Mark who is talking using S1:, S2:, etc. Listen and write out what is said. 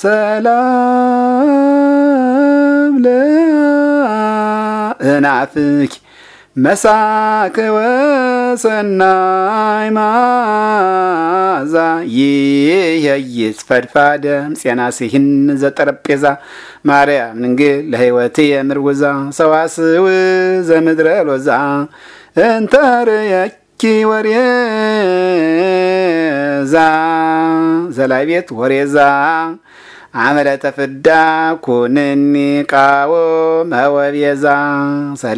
S1: ሰላም ለእናፍኪ መሳክ ወሰናይ ማዛ ይየይስ ፈድፋደ ምጽና ሲህን ዘጠረጴዛ ማርያም ንግል ለህይወት የምርውዛ ሰዋስው ዘምድረ ሎዛ እንተርየኪ ወርየ ዛ ዘላይ ወሬዛ አመለተ ፍዳ ኩንኒ ቃወ